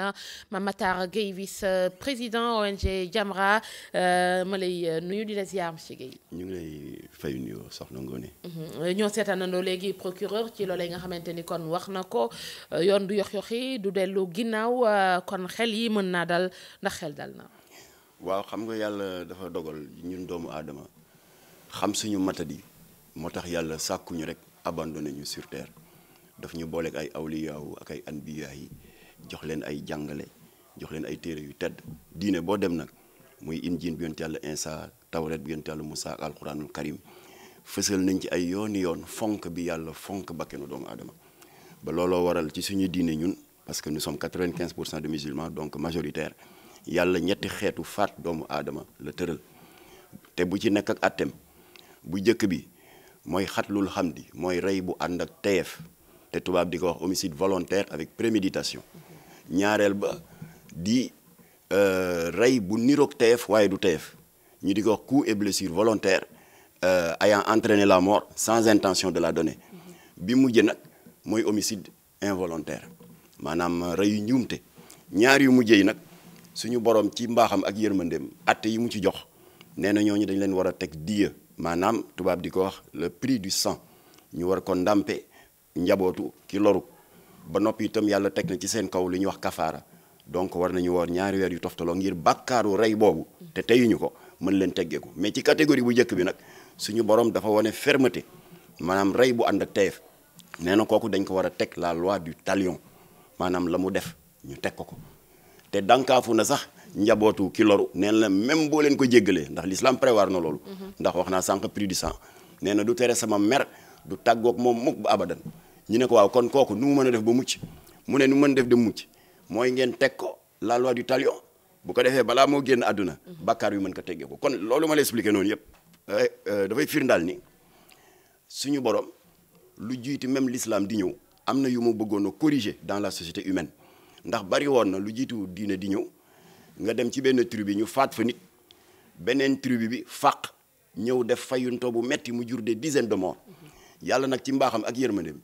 na Mame Matar Gueye vice président ONG Jamra euh, ma lay euh, nuyu di la ziar monsieur Gueye. ñu ngi lay fay nuyoo soxna Ngoné. Mm-hmm. ñoo seetaan seetaanandoo léegi procureur ci loolee nga xamante ni kon wax na ko euh, yoon du yox yoxi du dellu ginnaaw kon xel yi mën naa dal ndax xel dal na. waaw xam nga yàlla dafa dogal ñun doomu aadama xam suñu matadi moo tax yàlla sàkkuñu rek abandonné ñu sur terre daf ñu booleeg ay awliyaawu ak ay anbiyaa yi jox leen ay jàngale jox leen ay téere yu tedd diine boo dem nag muy injiin bi yonent yàlla Insa tawret bi yonent yàlla Musa ak karim fësal nañ ci ay yooni yoon fonk bi yàlla fonk bakkenu doomu adama ba looloo waral ci suñu diine ñun parce que nous sommes 95 pour cent de musulmans donc majoritaire yàlla ñetti xeetu faat doomu aadama la tëral te bu ci nekk ak àtteem bu jëkk bi mooy xatlul xam di mooy rey bu ànd ak teyeef te tubaab di ko wax homicide volontaire avec préméditation ñaareel ba di euh, rey bu niroog TF waaye du TF ñu di ko wax coup et blessure volontaire euh, ayant entraîné la mort sans intention de la donner mm-hmm. bi mujjee nag mooy homicide involontaire maanaam rey yu njuumte ñaar yu mujj yi nag suñu borom ci mbaaxam ak yërmandeem atte yi mu ci jox nee na ñooñu dañ leen war a teg diya maanaam tubaab di ko wax le prix du sang ñu war ko ndàmpe njabootu ki loru ba noppi itam yàlla teg na ci seen kaw lu ñuy wax kafaara donc war nañu woor ñaari weer yu toftaloo ngir bàkkaaru rey boobu te teyuñu ko mën leen teggeeku mais ci catégorie bu njëkk bi nag suñu borom dafa wane fermeté maanaam rey bu ànd ak teyef nee na kooku dañ ko war a teg la loi du talion maanaam la mu def ñu teg ko ko te dànkaafu na sax njabootu ki loru nee na même boo leen ko jéggalee ndax l'islam prévoir na loolu mhm. ndax wax naa sànq prix du nee na du tere sama mer du tàggoog moom mukk ba ñu ne ko waaw kon kooku nu mu mën a def ba mucc mu ne nu mën def de mucc mooy ngeen teg ko la loi du talion bu ko defee balaa moo génn àdduna bàkkaar yu mën ko teggee ko kon loolu ma lay expliqué noonu yëpp eh, eh, dafay firndaal ni suñu borom lu jiitu même l'islam di ñëw am na yu mu bëggoon a dans la société humaine ndax bari woon na lu jiitu diine di ñëw nga dem ci benn tribu bi ñu faat fa nit beneen tribu bi fàq ñëw def fayuntoo bu metti mu jur de dizaines de morts yàlla nag ci mbaaxam ak yërmandeem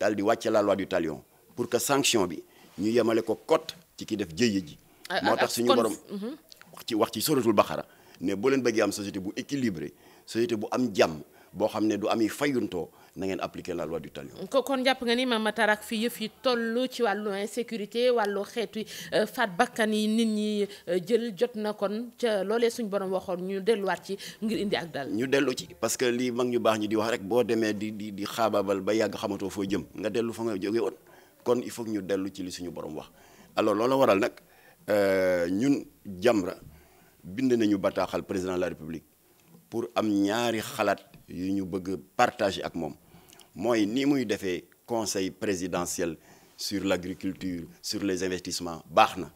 daal di wàcce la loi du talion pour que sanction bi ñu yemale ko cote ci ki def jëye ji. Ah, ah, moo tax ah, suñu borom mhm. wax ci wax ci suratul Baqara ne boo leen bëggee am société bu équilibré société bu am jàmm. boo xam ne du am fayuntoo na ngeen appliquer la loi di talion. kon jàpp nga ni Mame Matar ak fii yëf yi toll ci wàllu insécurité wàllu xeetu euh, faat bakkan yi nit ñi euh, jël jot na kon ca loolee suñu borom waxoon ñu delluwaat ci ngir indi ak dal. ñu dellu ci parce que lii mag ñu baax ñi di wax rek boo demee di di di xaabaabal ba yàgg xamatoo foo jëm nga dellu fa nga jóge woon kon il faut ñu dellu ci li suñu borom wax alors loola waral nag euh, ñun Jamra bind nañu bataaxal président de pour am ñaari xalaat. yu ñu bëgg partager ak moom mooy ni muy defee conseil présidentiel sur l'agriculture sur les investissements baax na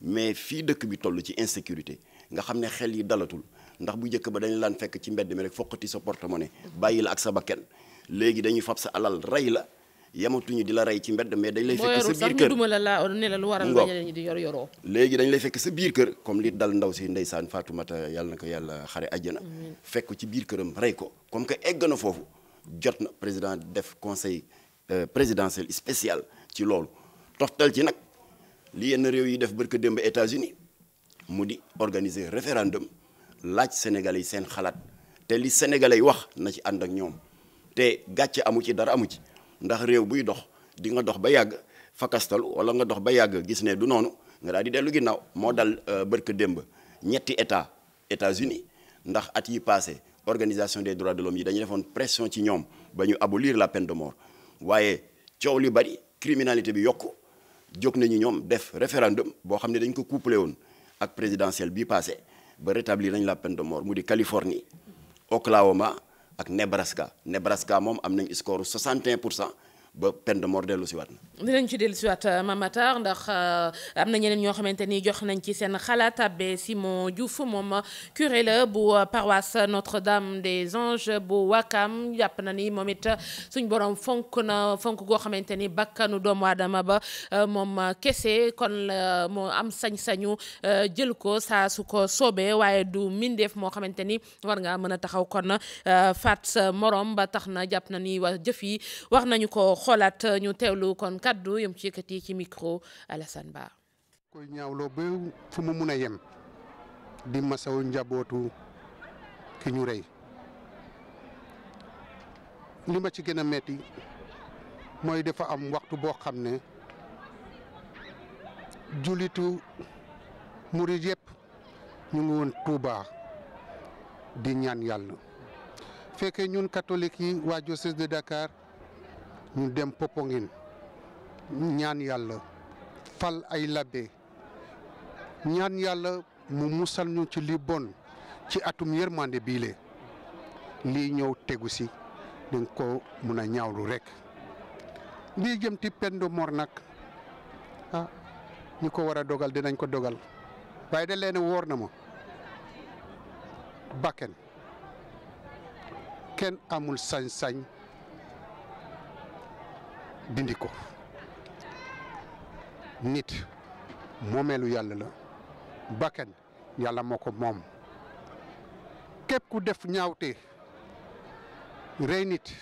mais fii dëkk bi toll ci insécurité nga xam ne xel yi dalatul ndax bu njëkk ba dañu laan fekk ci mbedd mi rek foqati sa porte-monnaie bàyyi la ak sa bakken léegi dañuy fab sa alal rey la yamatuñu di la rey ci mbedd mais dañ lay fekk sa biir kër duma la laa ne la lu léegi dañ lay fekk sa biir kër comme li dal ndaw si ndeysaan Fatoumata yàlla na ko yàlla xare àjjana fekk ci biir këram rey ko comme que egg na foofu jot na président def conseil euh, présidentiel spécial ci loolu toftal ci nag li yenn réew yi def barka démb états uni mu di organiser référendum laaj sénégal yi seen xalaat te li sénégalais yi wax na ci ànd ak ñoom te gàcce amu ci dara amu ci ndax réew buy dox di nga dox ba yàgg fakastal wala nga dox ba yàgg gis ne du noonu nga daal di dellu ginnaaw moo dal euh, bërk démb ñetti état États-Unis ndax at yi passé organisation des droits de l'homme yi dañu defoon pression ci ñoom ba ñu abolir la peine de mort waaye coow li bari criminalité bi yokk jóg nañu ñoom def référendum boo xam ne dañ ko couplé woon ak présidentielle bii passé ba rétablir nañ la peine de mort mu di Californie Oklahoma ak Nebraska Nebraska moom am nañ score 61 pour cent ba peine de mort dellu si waat na. dinañ ci dellu si waat euh, Mamatar ndax euh, am na ñeneen ñoo xamante ni jox nañ ci seen xalaat abbé Simon Diouf moom curé la bu paroisse Notre-Dame des Anges bu Wakam jàpp na ni moom it suñ boroom fonk na fonk goo xamante ni bakkanu doomu aadama ba euh, moom kese kon la moo am sañ-sañu jël ko saa su ko soobee waaye du mindeef moo xamante ni war ngaa mën a taxaw kon faat sa morom ba tax na jàpp na ni wa jëf yi wax nañu ko. xoolaat euh, ñu teewlu kon kaddu yam ci yëkkati ci micro Alassane Ba. koy ñaawloo ba fu mu mun a yem di masaw njabootu ki ñu rey li ma ci gën a metti mooy dafa am waxtu boo xam ne jullitu murid yëpp ñu ngi woon Touba di ñaan yàlla fekkee ñun catholique yi waa de Dakar. ñu dem Popenguine ñaan yàlla fal ay labbe ñaan yàlla mu musal ñu ci li bon ci atum yërmande biile lii ñëw tegu si dañ ko mun a ñaawlu rek lii jëm ti peine mor nag ah ñu ko war a dogal dinañ ko dogal waaye da leen woor na ma bakken kenn amul sañ-sañ dindi ko nit moomeelu yàlla la bakkan yàlla moo ko moom képp ku def ñaawte rey nit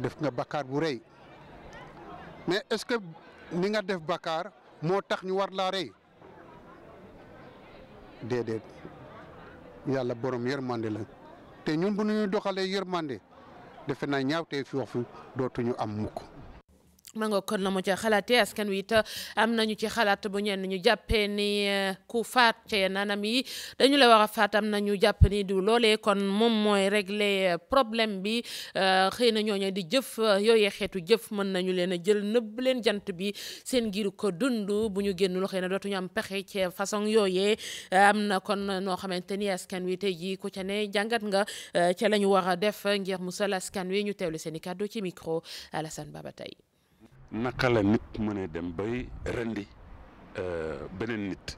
def nga bakkaar bu rey mais est-ce que ni nga def bakkaar moo tax ñu war laa rey déedéet yàlla borom yërmande la te ñun bu ñu doxalee yërmande defe naa ñaawtee fi wax fi dootuñu am mukk ma nga kon na mu ca xalaatee askan wii te am nañu ci xalaat bu ñenn ñu jàppee ni eh, ku faat ci nanam yi dañu la wax a faat am nañu jàpp ni du loole kon moom mooy régler eh, problème bi eh, xëy na ñooñu di jëf yooyee xeetu jëf mën nañu leen a jël nëbb leen jant bi seen giru ko dund bu ñu génnul xëy na dootuñu am pexe ci façon yooyee am na kon noo xamante ni askan wi tey jii ku ca ne jàngat nga ca la ñu war a def njeex musal askan wi ñu teewlu seen i kàddu ci micro Alassane Baba tey naka la nit mënee dem bay rendi euh, beneen nit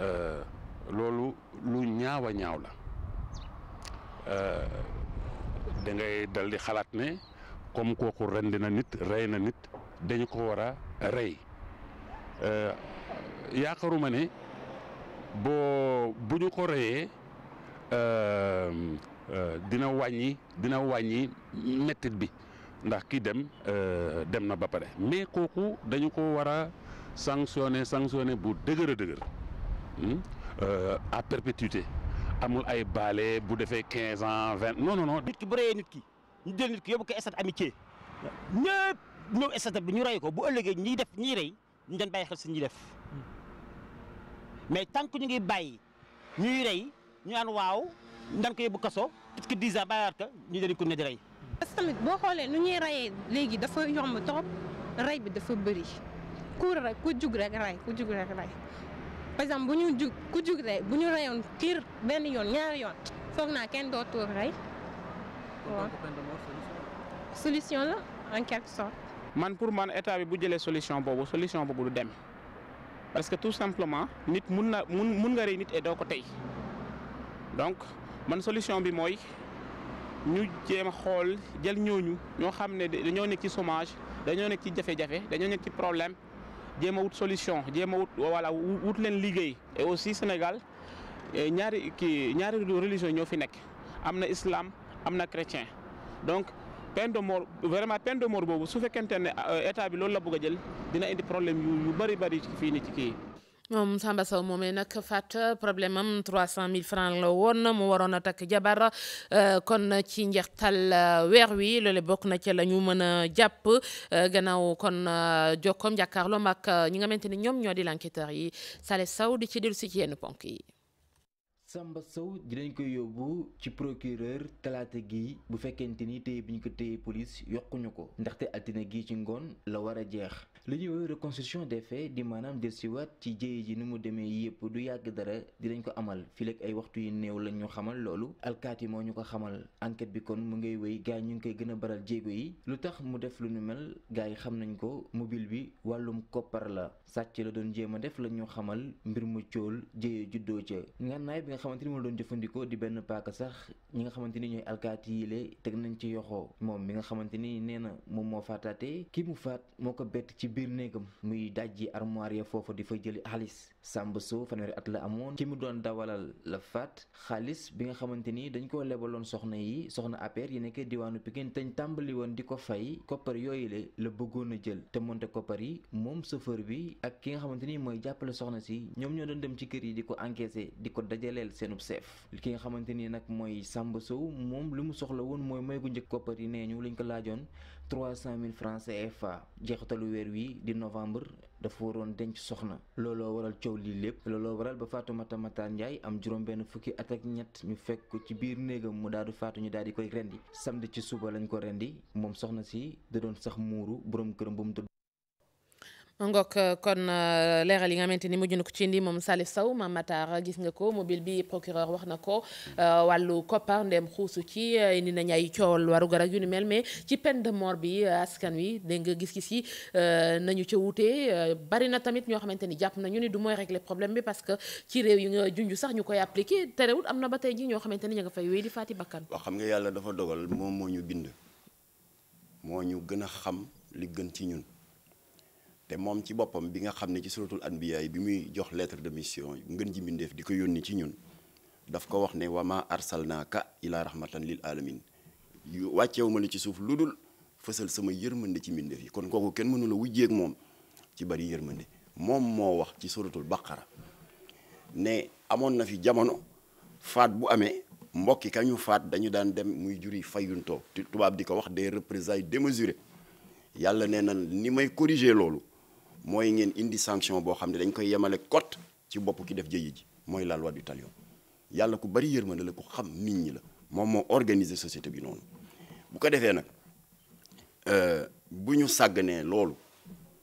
euh, loolu lu ñaawa ñaaw la euh, da ngay dal di xalaat ne comme kooku rendi na nit rey na nit dañu ko war a rey yaakaaruma ne boo bu ñu ko reyee dina wàññi dina wàññi mettit bi ndax ki dem euh, dem na ba pare mais kooku dañu ko war a sanctionné sanctionné bu dëgër a dëgër hmm? euh, à perpétuité amul ay baale bu defee quinze ans vingt non non non. nit ki bu reyee nit ki ñu jël nit ki yóbbu ko état amitié ñëpp ñëw état bi ñu rey ko bu ëllëgee ñiy def ñiy rey ñu doon bàyyi xel si ñuy def mais tant que ñu ngi bàyyi ñuy rey ñu naan waaw ñu daan ko yóbbu kaso parce que dix ans bàyyiwaat ko ñu dañu ko ne rey. parce que tamit boo xoolee nu ñuy rayee léegi dafa yomb trop ray bi dafa bëri ku ray ku jug rek ray ku jug rek ray par exemple bu ñu jug ku jug rek bu ñu rayoon kiir benn yoon ñaari yoon foog naa kenn dootul rey. waaw solution la en quelque sorte. man pour man état bi bu jëlee solution boobu solution boobu du dem parce que tout simplement nit mun na mun mun nga rey nit et doo ko tey donc man solution bi mooy. ñu jéem xool jël ñooñu ñoo xam ne dañoo nekk ci somage dañoo nekk ci jafe-jafe dañoo nekk ci problème jéem a wut solution jéem a wut voilà wut leen liggéey. et aussi Sénégal eh, ñaari kii ñaari religion ñoo fi nekk am na islam am na chrétien donc pen de mort vraiment peine de boobu su fekkente ne euh, état bi loolu la bëgg jël dina indi problème yu yu bari bari fii ni ci kii moom Samba Sow moomee nag fàtt problème am 300000 francs la woon moo waroon a takk jabar euh, kon ci njeextal euh, weer wi loole bokk na ci la ñu mën a jàpp euh, gannaaw kon jokkoom jàkkaarloom ak ñi nga xamante ni ñoom ñoo di l'enquêteur yi Saleh saw di ci dellu si ci yenn ponk yi. Samba Sow dinañ koy yóbbu ci procureur talaata gii bu fekkente ni téye bi ñu ko téye police yokkuñu ko ndaxte altine gi ci ngoon la war a jeex li ñuy woowee reconstruction des faits di maanaam dellusiwaat ci jéye ji ni mu demee yëpp du yàgg dara dinañ ko amal fileeg ay waxtu yu néew lañ ñu xamal loolu alkaati moo ñu ko xamal enquête bi kon mu ngay wéy gars ñu ngi koy gën a baral jéego yi lu tax mu def lu nu mel gars yi xam nañ ko mobile bi wàllum koppar la sàcc la doon jéem a def la ñu xamal mbir mu cool jéye juddoo ca ngànnaay bi nga xamante ni moo doon jëfandikoo di benn paaka sax ñi nga xamante ni ñooy alkaati yi teg nañ ci yoxoo moom mi nga xamante ni nee na moo faataate biir néegam muy dajji armoire ya foofu di fa jëli xaalis Samba Sow fanweeri at la amoon ki mu doon dawalal faat xaalis bi nga xamante ni dañ koo lebaloon soxna yi soxna APR yi nekkee diwaanu Pikine te ñu tàmbali woon di ko fay koppar yooyu la bëggoon a jël te moonte koppar yi moom chauffeur bi ak ki nga xamante ni mooy jàppale soxna si ñoom ñoo doon dem ci kër yi di ko encaisser di ko dajaleel seenub seef ki nga xamante ni nag mooy Samba Sow moom lu mu soxla woon mooy mooy gu njëkk yi nee ñu lañ ko laajoon cent mille francs CFA jeexitalu weer wii di novembre dafa waroon denc soxna looloo waral coow lii lépp looloo waral ba Fatoumata Matar Ndiaye am juróom-benn fukki at ak ñett ñu fekk ko ci biir néegam mu daal di faatu ñu daal di koy rendi samedi ci suba lañ ko rendi moom soxna si da doon sax muuru borom këram bu mu ngook euh, kon euh, leeral yi nga xamante ni mujj na ko ci ndi moom Salif Sow Mame Matar euh, gis nga ko mobile bi procureur wax na ko wàllu koppar ndem xuusu ci indi nañ ay coowal waru garag yu ni mel mais ci pen de mort bi askan wi dégg nga gis-gis yi nañu ca wuute bari na tamit ñoo xamante ni jàpp ñu ni du mooy régler problème bi parce que ci réew yi nga junj sax ñu koy appliqué terewut am na ba tey ji ñoo xamante ni ña nga fay wéy di faati bakkan waaw xam nga yàlla dafa dogal moom moo ñu bind ñu gën a xam li gën ci ñun te moom ci boppam bi nga xam ne ci suratul anbiya bi muy jox lettre de mission ngën ji mbindeef di ko yónni ci ñun daf ko wax ne wa ma ka ila rahmatan lil alamin yu wàcceewu ma la ci suuf lu dul fësal sama yërmande ci mbindeef yi kon kooku kenn mënula wujjeeg moom ci bari yërmande moom moo wax ci suratul baqara ne amoon na fi jamono faat bu amee mbokki ñu faat dañu daan dem muy juri fayuntoo tubaab di ko wax des représailles démesurées yàlla nee na ni may corriger loolu mooy ngeen indi sanction boo xam ne dañ koy yemale kot ci bopp ki def jëye ji mooy la loi du talion yàlla ku bari yërmande la ku xam nit ñi la moom moo organiser société bi noonu bu ko defee nag euh, bu ñu sàgganee loolu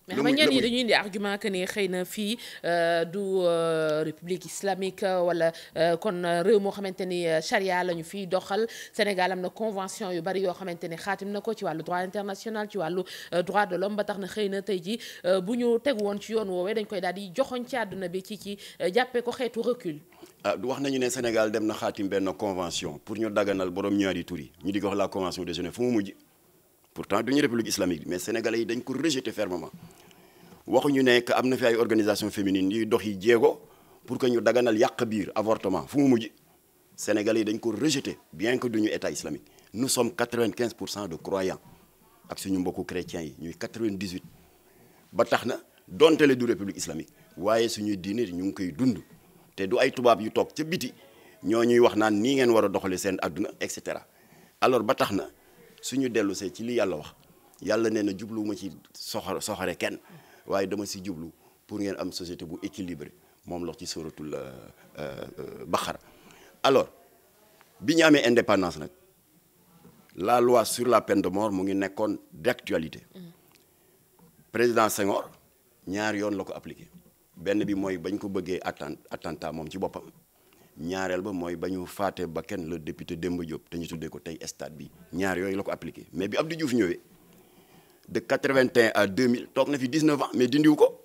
mais xam nga ñenn ñi dañuy indi argument que ne xëy na fii euh, du euh, république islamique euh, wala kon réew moo xamante ni charia la ñu fiy doxal Sénégal na convention yu bari yoo xamante ne xaatim na ko ci wàllu droit international ci wàllu droit de l'homme ba tax na xëy na tey ji bu ñu teg woon ci yoon woowee dañ koy daal di joxoñ ci àdduna bi ci ci jàppee ko xeetu recul. ah wax nañu ne Sénégal dem na xaatim benn convention pour ñu daganal borom ñaari tur yi ñu di ko la convention de Genève fu mu mujj yi dañ ko rejeté fermement. waxuñu ne que am na fi ay organisation féminine yuy dox yi jéego pour que ñu daganal yàq biir avortement fu mu mujj Sénégalais yi dañ ko rejeté bien que duñu état islamique nous sommes 95 pour cent de croyants ak suñu mbokku chrétiens yi ñuy 98 ba tax na donte le du république islamique waaye suñuy diine ñu ngi koy dund te du ay tubaab yu toog ca biti ñoo ñuy wax naan nii ngeen war a doxalee seen àdduna et cetera alors ba tax na suñu dellu see ci li yàlla wax yàlla nee na jubluwuma ci soxore soxore kenn waaye dama si jublu pour ngeen am société bu équilibré moom lox ci suratul euh, euh, Baqara alors bi ñu amee indépendance nag la loi sur la peine de mort mu ngi nekkoon d'actualité président Senghor ñaar yoon la ko appliqué benn bi mooy bañ ko bëggee attent attentat moom ci boppam ñaareel ba mooy ba ñu faatee ba kenn le député Demba Diop te ñu tuddee ko tey stade bi ñaar yooyu la ko appliqué mais bi Abdou Diouf ñëwee de 81 à 2000 toog na fi 19 ans mais dindiwu ko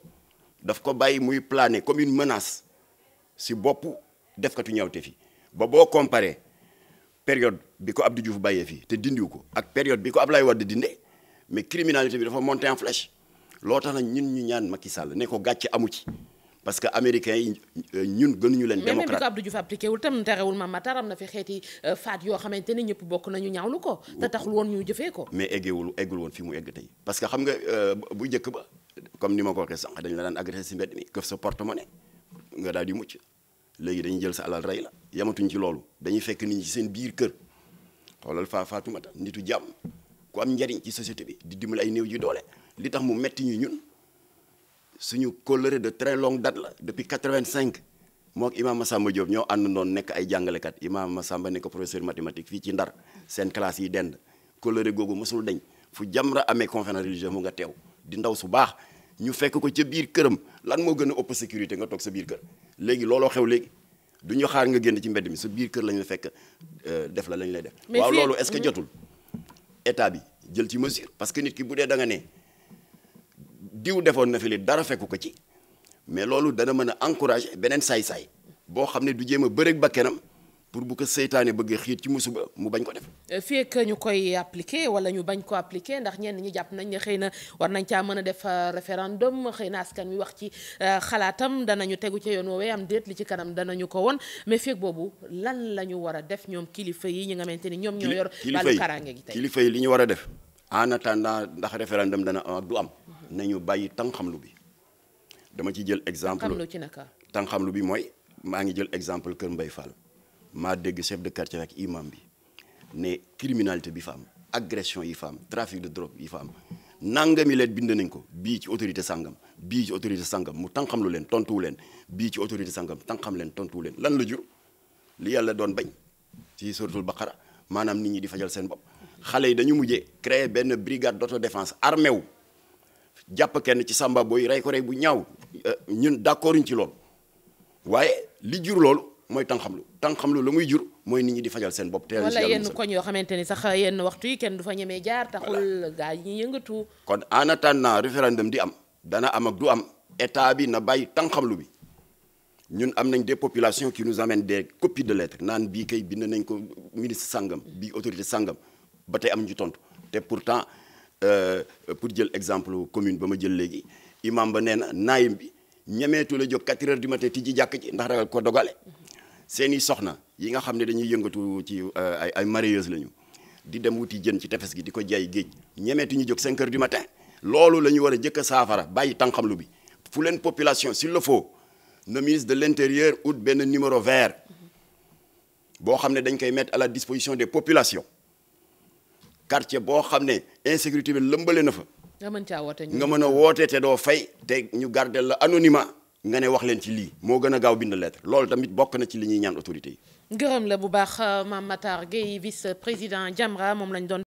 daf ko bàyyi muy plané comme une menace si bopp defkatu ñawte fi ba boo comparee période bi ko ab Abdou Diouf bàyyee fii te dindiwu ko ak période bi ko Ablaye Wade dinde mais criminalité bi dafa monter en loo tax nag ñun ñu ñaan Macky Sall ne ko gàcce amu ci parce que américains yi ñun gënuñu leen. démocrate mais même bi ko Abdou Diouf appliqué wul tam na fi xeeti euh, faat yoo xamante ne ñëpp bokk nañu ñaawlu ko. te taxul woon ñu jëfee ko. mais eggewul eggul woon fi mu egg tey parce que xam nga euh, bu njëkk ba comme ni ma ko waxee sànq dañu la daan agressé si mbedd mi këf sa porte-monnaie nga daal di mucc léegi dañuy jël sa alal rey la yamatuñ ci loolu dañuy fekk nit ñi seen biir kër xoolal faa Fatoumata nitu jàmm ku am njariñ ci société bi di dimbali ay néew ji doole li tax mu metti ñu ñun suñu kóllëre de très longue date la depuis 85 mook imaam Massamba Diop ñoo àndandoon nekk ay jàngalekat imaam Massamba nekk professeur mathématique fii ci Ndar seen classe yi dend kóllëre googu mosul dañ fu Jamra amee conférence religieuse mu nga teew di ndaw su baax ñu fekk ko ca biir këram lan moo gën a ëpp sécurité nga toog sa biir kër léegi looloo xew léegi du ñu xaar nga génn ci mbedd mi sa biir kër lañ la fekk euh, def la lañ lay def. waaw loolu est-ce que jotul état bi jël ci mesure parce que nit ki bu dee da nga ne. diw defoon na fi li dara fekku ko ci mais loolu dana mën a encourager beneen saay-saay boo xam ne du jéem a bëreeg bakkanam pour bu ko seytaane bëggee xiit ci musiba mu bañ ko def. Euh, fii ak ñu koy appliqué wala ñu bañ ko appliqué ndax ñenn ñi jàpp nañ ne xëy na war nañ caa mën a def euh, référendum xëy na askan wi wax ci euh, xalaatam danañu tegu ci yoon woowee am déet li ci kanam danañu ko won mais fii boobu lan la ñu war a def ñoom kilifa yi ñu nga xamante ni ñoom ñoo yor. wàllu karange gi tey kilifa yi li ñu war a def. en attendant ndax référendum dana am ak du am nañu bàyyi tànqamlu bi dama ci jël exemple tànqamlu bi mooy maa ngi jël exemple Kër Mbay Fall maa dégg chef de quartier ak imam bi ne criminalité bi fa am agression yi fa am trafic de drogue yi fa am nangami leen bind nañ ko bii ci autorité sangam bii ci autorité sangam mu tànqamlu leen tontuwu leen bii ci autorité sangam tànqam leen tontuwu leen lan la jur li yàlla doon bañ ci suratul baqara maanaam nit ñi di fajal seen bopp xale yi dañu mujje créer benn brigade d'autodéfense armée wu jàpp kenn ci samba booy rey ko rey bu ñaaw euh, ñun d'accord ñu ci loolu waaye li jur loolu mooy tànqamlu lu la muy jur mooy nit ñi di fajal seen bopp. te wala yenn koñ yoo xamante ni sax yenn waxtu kenn du fa ñemee jaar. taxul gaa yi ñu yëngatu. kon en attendant référendum di am dana am ak du am état bi na bàyyi tànqamlu bi ñun am nañ des population qui nous amènent des copies de lettres naan bii kay bind nañ ko ministre sangam bii autorité sangam. ba tey am ñu tontu te pourtant euh, pour jël exemple commune ba ma jël léegi imam ba nee na naayim bi ñemeetu la jóg 4 heures du matin tijji jàkk ci ndax ragal ko dogale seeni soxna yi nga xam ne dañuy yëngatu ci euh, ay ay marieuse lañu di dem wuti jën ci tefes gi di ko jaay géej ñemeetu ñu jóg 5 heures du matin loolu la ñu war a jëkk a saafara bàyyi tànqamlu bi fu leen population s'il le faut na ministre de l'intérieur ut benn numéro vert boo xam ne dañ koy mettre à la disposition des populations quartier boo xam ne insécurité bi lëmbale na fa. nga mën caa woote nga mën a woote te doo fay te ñu garder la anonymat nga ne wax leen ci lii moo gën a gaaw bind lettre loolu tamit bokk na ci li ñuy ñaan autorité yi. gërëm la bu baax euh, Mame Matar Gueye vice président Jamra moom lañ doon.